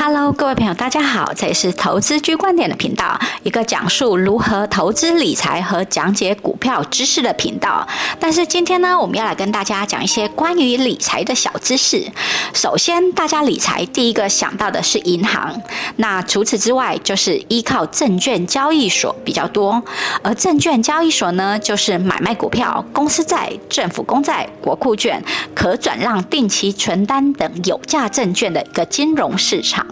Hello，各位朋友，大家好！這裡是投資 G 觀點的頻道，一個講述如何投資理財和講解股票知識的頻道。但是今天呢，我們要來跟大家講一些關於理財的小知識。首先，大家理財第一個想到的是銀行，那除此之外就是依靠證券交易所比較多。而證券交易所呢，就是買賣股票、公司債、政府公債、國庫券、可轉讓定期存單等有價證券的一個金融市場。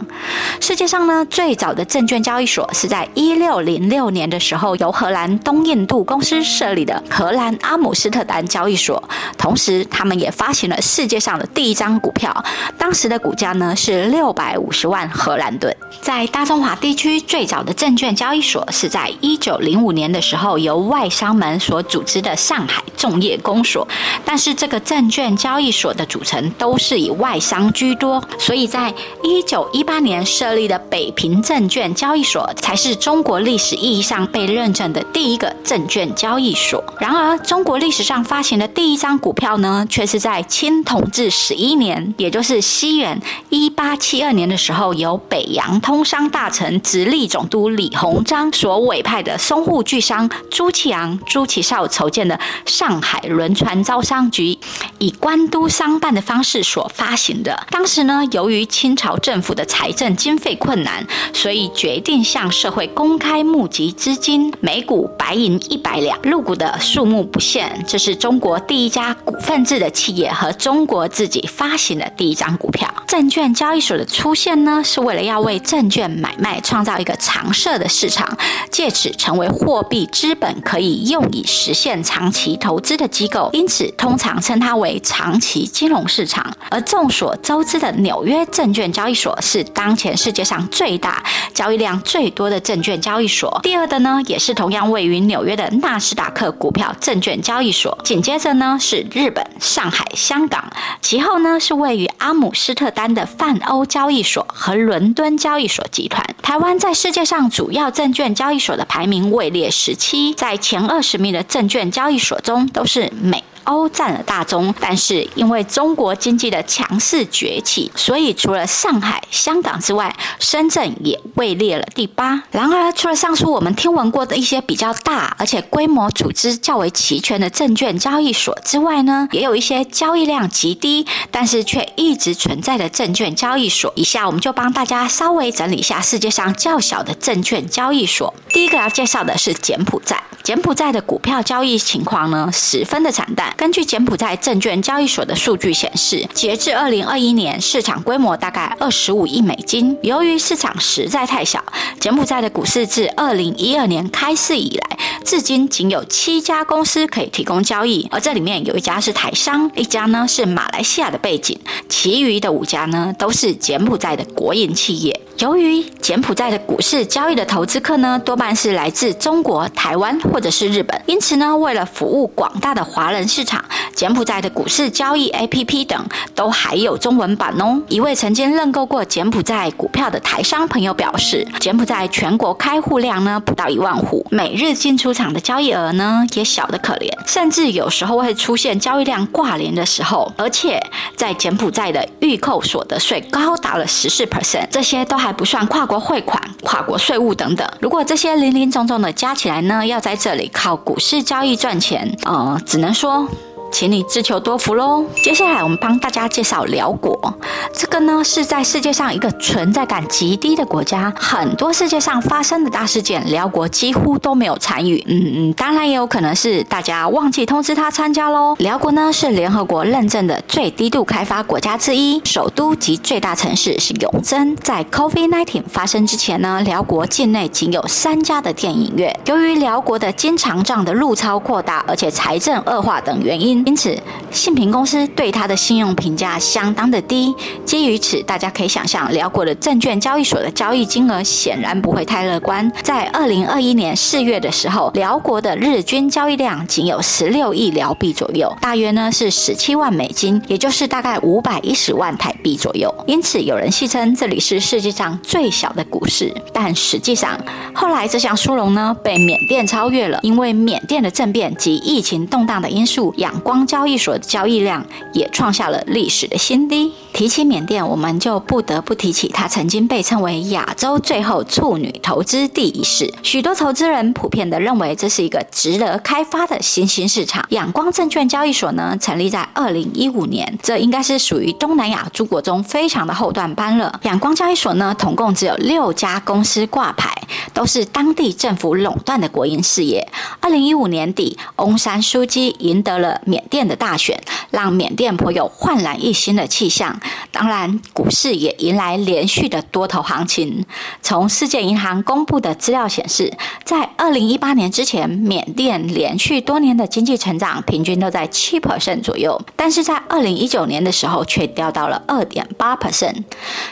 世界上呢，最早的證券交易所是在一六零六年的時候，由荷蘭東印度公司設立的荷蘭阿姆斯特丹交易所，同時他們也發行了世界上的第一張股票，當時的股價呢，是六百五十萬荷蘭盾。在大中華地區最早的證券交易所是在一九零五年的時候，由外商們所組織的上海。眾業公所，但是這個證券交易所的組成都是以外商居多，所以在一九一八年設立的北平證券交易所才是中國歷史意義上被認證的第一個證券交易所。然而，中國歷史上發行的第一張股票呢，卻是在清同治十一年，也就是西元一八七二年的時候，由北洋通商大臣、直隸總督李鴻章所委派的淞滬鉅商朱其昂、朱其紹籌建的上。上海輪船招商局以官督商辦的方式所發行的。當時呢，由於清朝政府的財政經費困難，所以決定向社會公開募集資金，每股白銀一百兩，入股的數目不限。這是中國第一家股份制的企業和中國自己發行的第一張股票。證券交易所的出現呢，是為了要為證券買賣創造一個常設的市場，借此成為貨幣資本可以用以實現長期投資。投資的機構，因此通常稱它為長期金融市場。而眾所周知的紐約證券交易所是當前世界上最大、交易量最多的證券交易所。第二的呢，也是同樣位於紐約的納斯達克股票證券交易所。緊接着呢是日本、上海、香港，其後呢是位於阿姆斯特丹的泛歐交易所和倫敦交易所集團。台灣在世界上主要證券交易所的排名位列十七，在前二十名的證券交易所中，都是美歐佔了大宗，但是因為中國經濟的強勢崛起，所以除了上海、香港之外，深圳也位列了第八。然而，除了上述我們聽聞過的一些比較大而且規模組織較為齊全的證券交易所之外呢，也有一些交易量極低，但是卻一直存在的證券交易所。以下我們就幫大家稍微整理一下世界上較小的證券交易所。第一個要介紹的是柬埔寨。柬埔寨的股票交易情況呢，十分的慘淡。根據柬埔寨證券交易所的數據顯示，截至二零二一年，市場規模大概二十五億美金。由於市場實在。太小，柬埔寨的股市自二零一二年開市以來，至今僅有七家公司可以提供交易，而這裡面有一家是台商，一家呢是馬來西亞的背景，其餘的五家呢都是柬埔寨的國營企業。由於柬埔寨的股市交易的投資客呢，多半是來自中國、台灣或者是日本，因此呢，為了服務廣大的華人市場，柬埔寨的股市交易 APP 等都還有中文版哦。一位曾經認購過柬埔寨股票的台商朋友表示，柬埔寨全國開戶量呢不到一萬戶，每日進出場的交易額呢也小得可憐，甚至有時候會出現交易量掛零的時候，而且在柬埔寨的預扣所得稅高達了十四 percent，這些都還。還不算跨國匯款、跨國稅務等等。如果這些林林總總的加起來呢，要在這裡靠股市交易賺錢，呃，只能說。請你自求多福嘍。接下來我們幫大家介紹寮國，這個呢是在世界上一個存在感極低的國家，很多世界上發生的大事件，寮國幾乎都沒有參與。嗯嗯，當然也有可能是大家忘記通知他參加嘍。寮國呢是聯合國認證的最低度開發國家之一，首都及最大城市是永珍。在 COVID-19 發生之前呢，寮國境內僅有三家的電影院。由於寮國的經常賬的入超擴大，而且財政惡化等原因。因此，信評公司對他的信用評價相當的低。基於此，大家可以想象，寮國的證券交易所的交易金額顯然不會太樂觀。在二零二一年四月的時候，寮國的日均交易量僅有十六億寮幣左右，大約呢是十七萬美金，也就是大概五百一十萬台幣左右。因此，有人戲稱這裡是世界上最小的股市。但實際上，後來這項殊榮呢被緬甸超越了，因為緬甸的政變及疫情動盪的因素，讓。光交易所的交易量也創下了歷史的新低。提起緬甸，我們就不得不提起它曾經被稱為亞洲最後處女投資地一事。許多投資人普遍地認為這是一個值得開發的新興市場。仰光證券交易所呢，成立在二零一五年，這應該是屬於東南亞諸國中非常的後段班了。仰光交易所呢，總共只有六家公司掛牌。都是當地政府壟斷的國營事業。二零一五年底，翁山蘇姬贏得了緬甸的大選，讓緬甸頗有煥然一新的氣象。當然，股市也迎來連續的多頭行情。從世界銀行公布的資料顯示，在二零一八年之前，緬甸連續多年的經濟成長平均都在七 percent 左右，但是在二零一九年的時候，卻掉到了二點八 percent。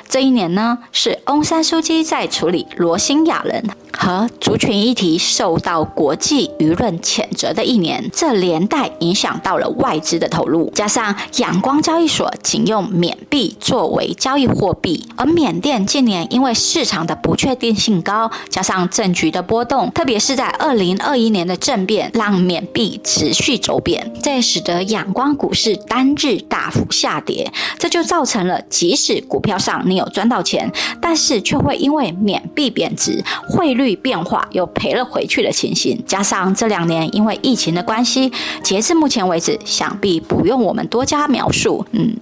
這一年呢，是翁山蘇姬在處理羅興亞人。和族群議題受到國際輿論譴責的一年，這連帶影響到了外資的投入。加上仰光交易所僅用緬幣作為交易貨幣，而緬甸近年因為市場的不確定性高，加上政局的波動，特別是在2021年的政變，讓緬幣持續走貶，這也使得仰光股市單日大幅下跌。這就造成了，即使股票上你有賺到錢，但是卻會因為緬幣貶值匯率。率變化又賠了回去的情形，加上這兩年因為疫情的關係，截至目前為止，想必不用我們多加描述。嗯，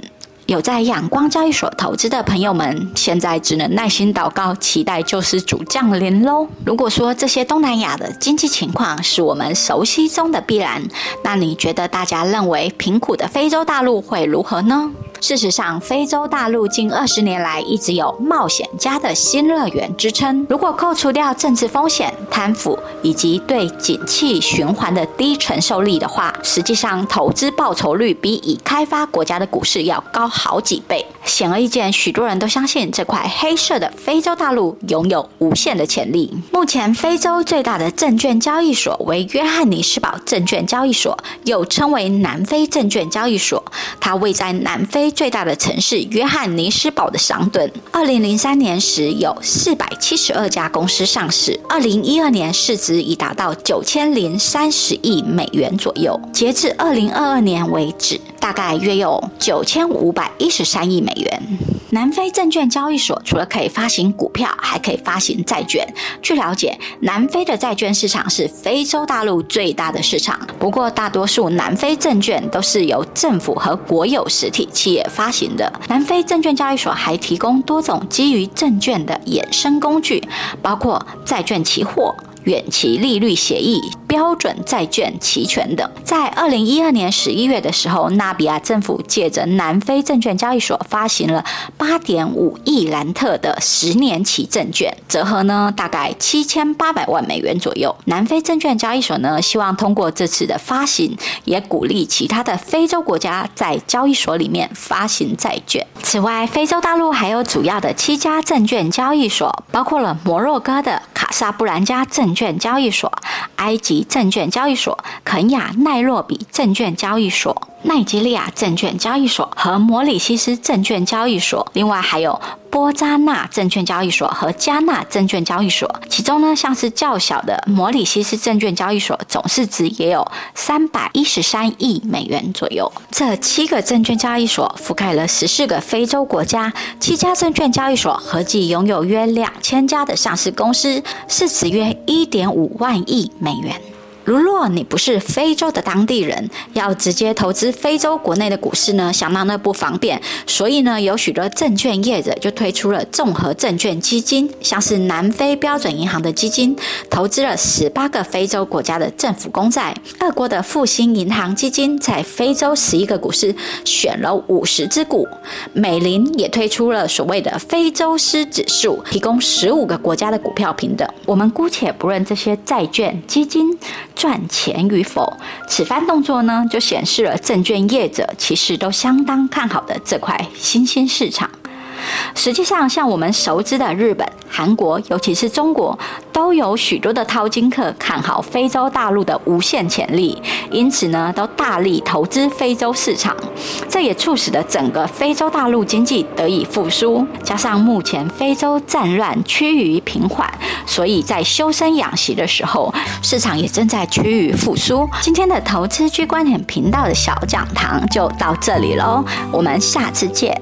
有在仰光交易所投資的朋友們，現在只能耐心禱告，期待救世主降臨嘍。如果說這些東南亞的經濟情況是我們熟悉中的必然，那你覺得大家認為貧苦的非洲大陸會如何呢？事實上，非洲大陸近二十年來一直有“冒險家的新樂園”之稱。如果扣除掉政治風險、貪腐以及對景氣循環的低承受力的話，實際上投資報酬率比已開發國家的股市要高好幾倍。顯而易見，許多人都相信這塊黑色的非洲大陸擁有無限的潛力。目前，非洲最大的證券交易所為約翰尼斯堡證券交易所，又稱為南非證券交易所。它位在南非。最大的城市約翰尼斯堡的桑頓，二零零三年時有四百七十二家公司上市，二零一二年市值已達到九千零三十億美元左右，截至二零二二年為止，大概約有九千五百一十三億美元。南非證券交易所除了可以發行股票，還可以發行債券。據了解，南非的債券市場是非洲大陸最大的市場。不過，大多數南非證券都是由政府和國有實體企業發行的。南非證券交易所還提供多種基於證券的衍生工具，包括債券期貨。遠期利率協議、標準債券、期權等。在二零一二年十一月的時候，納比亞政府借着南非證券交易所發行了八點五億蘭特的十年期證券，折合呢大概七千八百萬美元左右。南非證券交易所呢希望通過這次的發行，也鼓勵其他的非洲國家在交易所裡面發行債券。此外，非洲大陸還有主要的七家證券交易所，包括了摩洛哥的。薩布蘭加證券交易所、埃及證券交易所、肯亞奈洛比證券交易所、奈及利亞證券交易所和摩里西斯證券交易所，另外還有。波札那證券交易所和加納證券交易所，其中呢，像是較小的摩里西斯證券交易所，總市值也有三百一十三億美元左右。這七個證券交易所覆蓋了十四個非洲國家，七家證券交易所合計擁有約兩千家的上市公司，市值約一點五萬億美元。如若你不是非洲的當地人，要直接投資非洲國內的股市呢，相當的不方便。所以呢，有許多證券業者就推出了綜合證券基金，像是南非標準銀行的基金，投資了十八個非洲國家的政府公債；德國的復興銀行基金在非洲十一個股市選了五十只股；美林也推出了所謂的非洲獅指數，提供十五個國家的股票評等。我們姑且不論這些債券基金。賺錢與否，此番動作呢，就顯示了證券業者其實都相當看好的這塊新興市場。實際上，像我們熟知的日本、韓國，尤其是中國，都有許多的淘金客看好非洲大陸的無限潛力，因此呢，都大力投資非洲市場。這也促使了整個非洲大陸經濟得以復甦。加上目前非洲戰亂趨於平緩，所以在修身養息的時候，市場也正在趨於復甦。今天的投資 G 觀點頻道的小講堂就到這裡嘍，我們下次見。